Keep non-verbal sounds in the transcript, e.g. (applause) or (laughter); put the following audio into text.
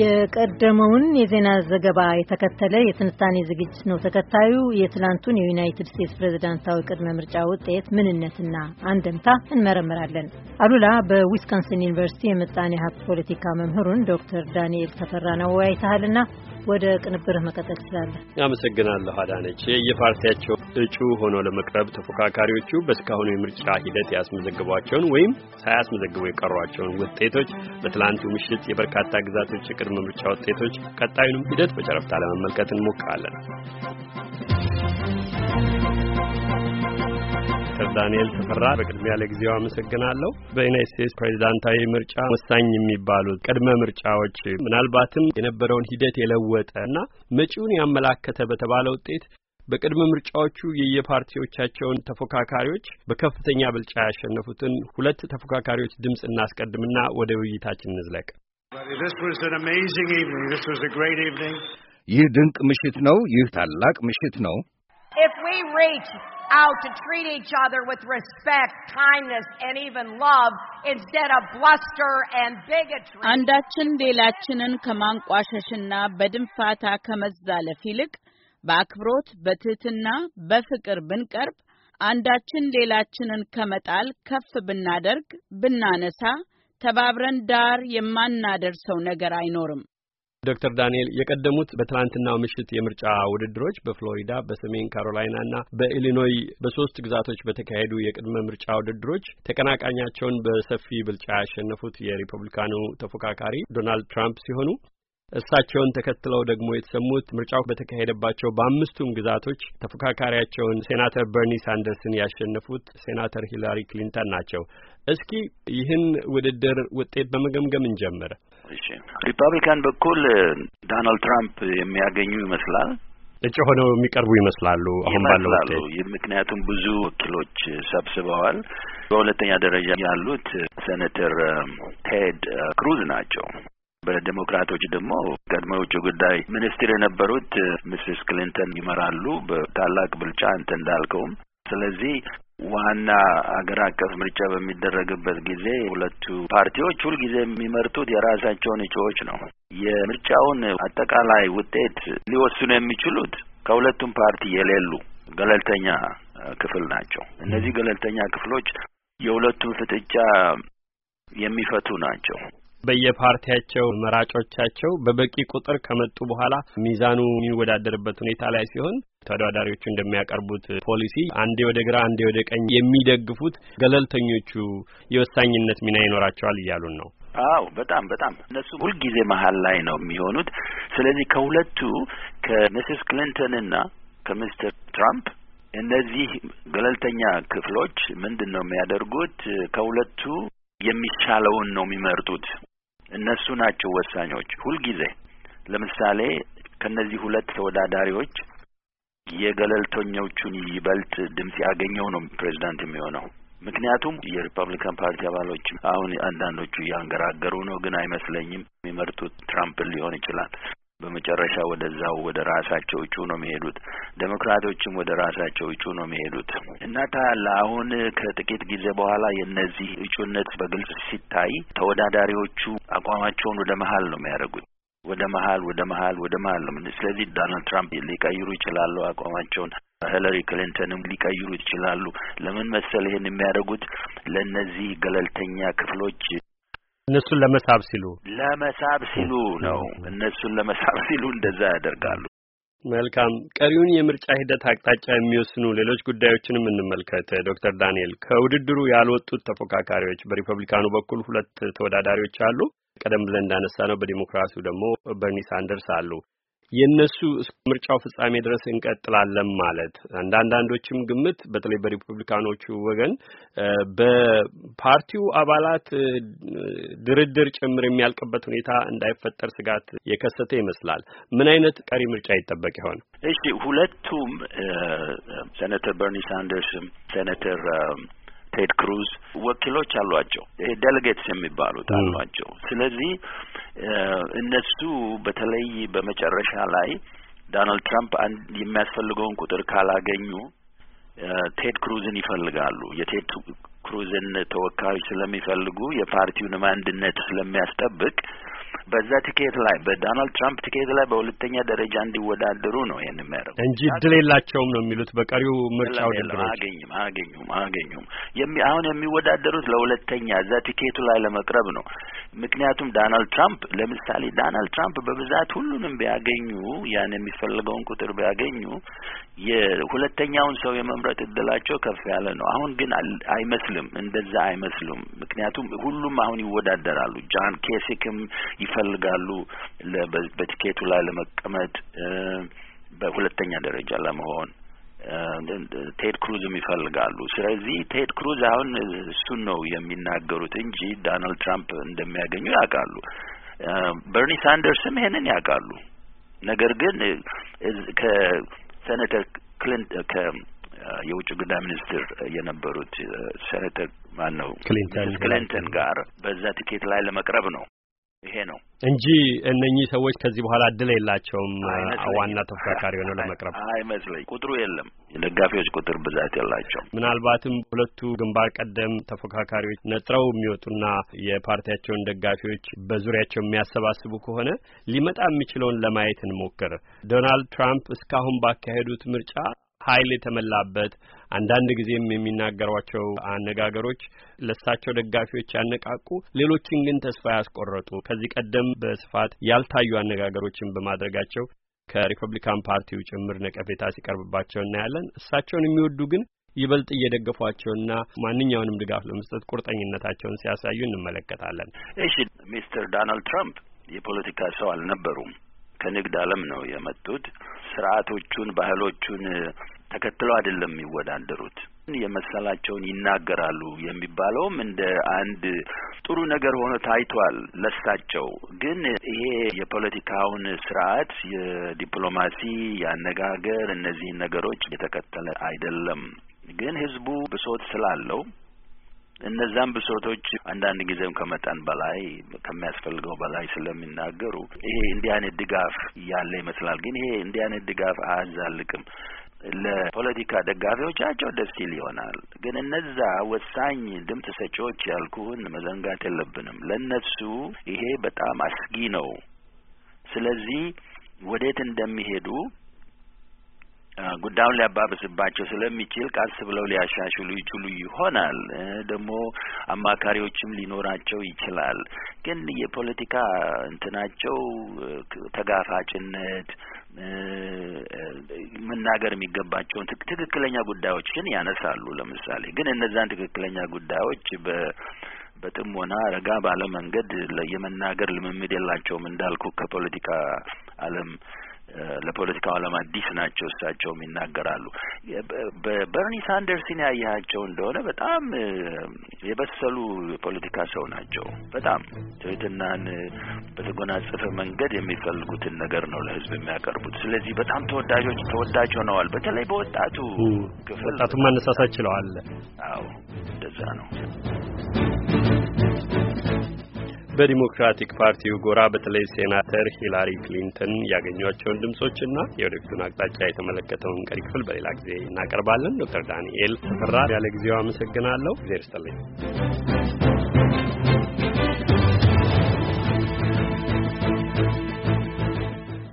የቀደመውን የዜና ዘገባ የተከተለ የትንታኔ ዝግጅት ነው። ተከታዩ የትላንቱን የዩናይትድ ስቴትስ ፕሬዝዳንታዊ ቅድመ ምርጫ ውጤት ምንነትና አንደምታ እንመረምራለን። አሉላ በዊስኮንሲን ዩኒቨርሲቲ የምጣኔ ሀብት ፖለቲካ መምህሩን ዶክተር ዳንኤል ተፈራን አወያይተሃልና ወደ ቅንብርህ መቀጠል ትችላለህ። አመሰግናለሁ አዳነች። የፓርቲያቸው እጩ ሆኖ ለመቅረብ ተፎካካሪዎቹ በእስካሁኑ የምርጫ ሂደት ያስመዘግቧቸውን ወይም ሳያስመዘግቡ የቀሯቸውን ውጤቶች፣ በትላንቱ ምሽት የበርካታ ግዛቶች የቅድመ ምርጫ ውጤቶች፣ ቀጣዩንም ሂደት በጨረፍታ ለመመልከት እንሞክራለን። ዶክተር ዳንኤል ተፈራ በቅድሚያ ለጊዜው አመሰግናለሁ። በዩናይት ስቴትስ ፕሬዚዳንታዊ ምርጫ ወሳኝ የሚባሉት ቅድመ ምርጫዎች ምናልባትም የነበረውን ሂደት የለወጠ እና መጪውን ያመላከተ በተባለ ውጤት በቅድመ ምርጫዎቹ የየፓርቲዎቻቸውን ተፎካካሪዎች በከፍተኛ ብልጫ ያሸነፉትን ሁለት ተፎካካሪዎች ድምፅ እናስቀድምና ወደ ውይይታችን እንዝለቅ። ይህ ድንቅ ምሽት ነው። ይህ ታላቅ ምሽት ነው። out to treat each other with respect, kindness, and even love instead of bluster and bigotry. አንዳችን ሌላችንን ከማንቋሸሽና በድንፋታ ከመዛለፍ ይልቅ በአክብሮት በትህትና በፍቅር ብንቀርብ አንዳችን ሌላችንን ከመጣል ከፍ ብናደርግ ብናነሳ ተባብረን ዳር የማናደርሰው ነገር አይኖርም። ዶክተር ዳንኤል የቀደሙት በትላንትናው ምሽት የምርጫ ውድድሮች በፍሎሪዳ፣ በሰሜን ካሮላይና እና በኢሊኖይ በሶስት ግዛቶች በተካሄዱ የቅድመ ምርጫ ውድድሮች ተቀናቃኛቸውን በሰፊ ብልጫ ያሸነፉት የሪፐብሊካኑ ተፎካካሪ ዶናልድ ትራምፕ ሲሆኑ እሳቸውን ተከትለው ደግሞ የተሰሙት ምርጫው በተካሄደባቸው በአምስቱም ግዛቶች ተፎካካሪያቸውን ሴናተር በርኒ ሳንደርስን ያሸነፉት ሴናተር ሂላሪ ክሊንተን ናቸው። እስኪ ይህን ውድድር ውጤት በመገምገም እንጀምር። እሺ ሪፐብሊካን በኩል ዶናልድ ትራምፕ የሚያገኙ ይመስላል እጩ ሆነው የሚቀርቡ ይመስላሉ። አሁን ባለው ምክንያቱም ብዙ ወኪሎች ሰብስበዋል። በሁለተኛ ደረጃ ያሉት ሴኔተር ቴድ ክሩዝ ናቸው። በዴሞክራቶች ደግሞ ቀድሞ የውጭ ጉዳይ ሚኒስትር የነበሩት ሚስስ ክሊንተን ይመራሉ በታላቅ ብልጫ አንተ እንዳልከውም። ስለዚህ ዋና ሀገር አቀፍ ምርጫ በሚደረግበት ጊዜ ሁለቱ ፓርቲዎች ሁልጊዜ የሚመርጡት የራሳቸውን እጩዎች ነው። የምርጫውን አጠቃላይ ውጤት ሊወስኑ የሚችሉት ከሁለቱም ፓርቲ የሌሉ ገለልተኛ ክፍል ናቸው። እነዚህ ገለልተኛ ክፍሎች የሁለቱም ፍጥጫ የሚፈቱ ናቸው። በየፓርቲያቸው መራጮቻቸው በበቂ ቁጥር ከመጡ በኋላ ሚዛኑ የሚወዳደርበት ሁኔታ ላይ ሲሆን ተወዳዳሪዎቹ እንደሚያቀርቡት ፖሊሲ አንዴ ወደ ግራ አንዴ ወደ ቀኝ የሚደግፉት ገለልተኞቹ የወሳኝነት ሚና ይኖራቸዋል እያሉን ነው። አዎ በጣም በጣም እነሱ ሁልጊዜ መሀል ላይ ነው የሚሆኑት። ስለዚህ ከሁለቱ ከሚስስ ክሊንተን እና ከሚስተር ትራምፕ እነዚህ ገለልተኛ ክፍሎች ምንድን ነው የሚያደርጉት? ከሁለቱ የሚሻለውን ነው የሚመርጡት። እነሱ ናቸው ወሳኞች ሁልጊዜ። ለምሳሌ ከእነዚህ ሁለት ተወዳዳሪዎች የገለልተኞቹን ይበልጥ ድምጽ ያገኘው ነው ፕሬዚዳንት የሚሆነው። ምክንያቱም የሪፐብሊካን ፓርቲ አባሎች አሁን አንዳንዶቹ እያንገራገሩ ነው፣ ግን አይመስለኝም የሚመርጡት ትራምፕን ሊሆን ይችላል። በመጨረሻ ወደዛው ወደ ራሳቸው እጩ ነው የሚሄዱት። ዴሞክራቶችም ወደ ራሳቸው እጩ ነው የሚሄዱት እና ታያለ አሁን ከጥቂት ጊዜ በኋላ የእነዚህ እጩነት በግልጽ ሲታይ ተወዳዳሪዎቹ አቋማቸውን ወደ መሀል ነው የሚያደርጉት። ወደ መሀል ወደ መሀል ወደ መሀል ነው። ስለዚህ ዶናልድ ትራምፕ ሊቀይሩ ይችላሉ አቋማቸውን፣ ሂለሪ ክሊንተንም ሊቀይሩ ይችላሉ። ለምን መሰል ይህን የሚያደርጉት ለእነዚህ ገለልተኛ ክፍሎች እነሱን ለመሳብ ሲሉ ለመሳብ ሲሉ ነው። እነሱን ለመሳብ (laughs) ሲሉ እንደዛ ያደርጋሉ። መልካም ቀሪውን የምርጫ ሂደት አቅጣጫ የሚወስኑ ሌሎች ጉዳዮችንም እንመልከት። ዶክተር ዳንኤል ከውድድሩ ያልወጡት ተፎካካሪዎች በሪፐብሊካኑ በኩል ሁለት ተወዳዳሪዎች አሉ። ቀደም ብለን እንዳነሳ ነው በዲሞክራሲው ደግሞ በርኒ ሳንደርስ አሉ። የእነሱ ምርጫው ፍጻሜ ድረስ እንቀጥላለን ማለት አንዳንዶችም ግምት በተለይ በሪፑብሊካኖቹ ወገን በፓርቲው አባላት ድርድር ጭምር የሚያልቅበት ሁኔታ እንዳይፈጠር ስጋት የከሰተ ይመስላል። ምን አይነት ቀሪ ምርጫ ይጠበቅ ይሆን? እሺ፣ ሁለቱም ሴኔተር በርኒ ሳንደርስም ሴኔተር ቴድ ክሩዝ ወኪሎች አሏቸው። ይሄ ዴሌጌትስ የሚባሉት አሏቸው። ስለዚህ እነሱ በተለይ በመጨረሻ ላይ ዶናልድ ትራምፕ አንድ የሚያስፈልገውን ቁጥር ካላገኙ ቴድ ክሩዝን ይፈልጋሉ። የቴድ ክሩዝን ተወካዮች ስለሚፈልጉ የፓርቲውንም አንድነት ስለሚያስጠብቅ በዛ ቲኬት ላይ በዶናልድ ትራምፕ ቲኬት ላይ በሁለተኛ ደረጃ እንዲወዳደሩ ነው ይህን የሚያደርጉት እንጂ እድል የላቸውም ነው የሚሉት። በቀሪው ምርጫ ውድድሮች አያገኙም አያገኙም አያገኙም። አሁን የሚወዳደሩት ለሁለተኛ እዛ ቲኬቱ ላይ ለመቅረብ ነው። ምክንያቱም ዶናልድ ትራምፕ ለምሳሌ ዶናልድ ትራምፕ በብዛት ሁሉንም ቢያገኙ ያን የሚፈልገውን ቁጥር ቢያገኙ የሁለተኛውን ሰው የመምረጥ እድላቸው ከፍ ያለ ነው። አሁን ግን አይመስልም፣ እንደዛ አይመስሉም። ምክንያቱም ሁሉም አሁን ይወዳደራሉ። ጃን ኬሲክም ይፈልጋሉ በቲኬቱ ላይ ለመቀመጥ በሁለተኛ ደረጃ ለመሆን ቴድ ክሩዝም ይፈልጋሉ። ስለዚህ ቴድ ክሩዝ አሁን እሱን ነው የሚናገሩት እንጂ ዶናልድ ትራምፕ እንደሚያገኙ ያውቃሉ። በርኒ ሳንደርስም ይሄንን ያውቃሉ። ነገር ግን ከሴኔተር ክሊንት ከ የውጭ ጉዳይ ሚኒስትር የነበሩት ሴኔተር ማን ነው ክሊንተን ጋር በዛ ቲኬት ላይ ለመቅረብ ነው። ይሄ ነው እንጂ እነኚህ ሰዎች ከዚህ በኋላ እድል የላቸውም። ዋና ተፎካካሪ ሆነው ለመቅረብ አይመስለኝ። ቁጥሩ የለም፣ የደጋፊዎች ቁጥር ብዛት የላቸው። ምናልባትም ሁለቱ ግንባር ቀደም ተፎካካሪዎች ነጥረው የሚወጡና የፓርቲያቸውን ደጋፊዎች በዙሪያቸው የሚያሰባስቡ ከሆነ ሊመጣ የሚችለውን ለማየት እንሞክር። ዶናልድ ትራምፕ እስካሁን ባካሄዱት ምርጫ ኃይል የተመላበት አንዳንድ ጊዜም የሚናገሯቸው አነጋገሮች ለሳቸው ደጋፊዎች ያነቃቁ፣ ሌሎችን ግን ተስፋ ያስቆረጡ ከዚህ ቀደም በስፋት ያልታዩ አነጋገሮችን በማድረጋቸው ከሪፐብሊካን ፓርቲው ጭምር ነቀፌታ ሲቀርብባቸው እናያለን። እሳቸውን የሚወዱ ግን ይበልጥ እየደገፏቸውና ማንኛውንም ድጋፍ ለመስጠት ቁርጠኝነታቸውን ሲያሳዩ እንመለከታለን። እሺ፣ ሚስተር ዶናልድ ትራምፕ የፖለቲካ ሰው አልነበሩም። ከንግድ ዓለም ነው የመጡት። ስርዓቶቹን፣ ባህሎቹን ተከትለው አይደለም የሚወዳደሩት። የመሰላቸውን ይናገራሉ የሚባለውም እንደ አንድ ጥሩ ነገር ሆኖ ታይቷል ለሳቸው። ግን ይሄ የፖለቲካውን ስርዓት፣ የዲፕሎማሲ፣ የአነጋገር እነዚህን ነገሮች የተከተለ አይደለም። ግን ህዝቡ ብሶት ስላለው እነዛም ብሶቶች አንዳንድ ጊዜም ከመጠን በላይ ከሚያስፈልገው በላይ ስለሚናገሩ ይሄ እንዲህ አይነት ድጋፍ ያለ ይመስላል። ግን ይሄ እንዲህ አይነት ድጋፍ አያዛልቅም። ለፖለቲካ ደጋፊዎቻቸው ደስ ይል ይሆናል። ግን እነዛ ወሳኝ ድምፅ ሰጪዎች ያልኩህን መዘንጋት የለብንም። ለእነሱ ይሄ በጣም አስጊ ነው። ስለዚህ ወዴት እንደሚሄዱ ጉዳዩን ሊያባብስባቸው ስለሚችል ቀስ ብለው ሊያሻሽሉ ይችሉ ይሆናል። ደግሞ አማካሪዎችም ሊኖራቸው ይችላል። ግን የፖለቲካ እንትናቸው ተጋፋጭነት መናገር የሚገባቸውን ትክክለኛ ጉዳዮችን ያነሳሉ። ለምሳሌ ግን እነዛን ትክክለኛ ጉዳዮች በ በጥሞና ረጋ ባለ መንገድ የመናገር ልምምድ የላቸውም። እንዳልኩ ከፖለቲካ ዓለም ለፖለቲካው ዓለም አዲስ ናቸው። እሳቸውም ይናገራሉ። በርኒ ሳንደርስን ያየሃቸው እንደሆነ በጣም የበሰሉ የፖለቲካ ሰው ናቸው። በጣም ትህትናን በተጎናጸፈ መንገድ የሚፈልጉትን ነገር ነው ለህዝብ የሚያቀርቡት። ስለዚህ በጣም ተወዳጆች ተወዳጅ ሆነዋል። በተለይ በወጣቱ ክፍል ወጣቱ ማነሳሳት ችለዋል። አዎ እንደዛ ነው። በዲሞክራቲክ ፓርቲው ጎራ በተለይ ሴናተር ሂላሪ ክሊንተን ያገኟቸውን ድምጾችና የወደፊቱን አቅጣጫ የተመለከተውን ቀሪ ክፍል በሌላ ጊዜ እናቀርባለን። ዶክተር ዳንኤል ተፈራ ያለ ጊዜው አመሰግናለሁ። ጊዜ ርስተልኝ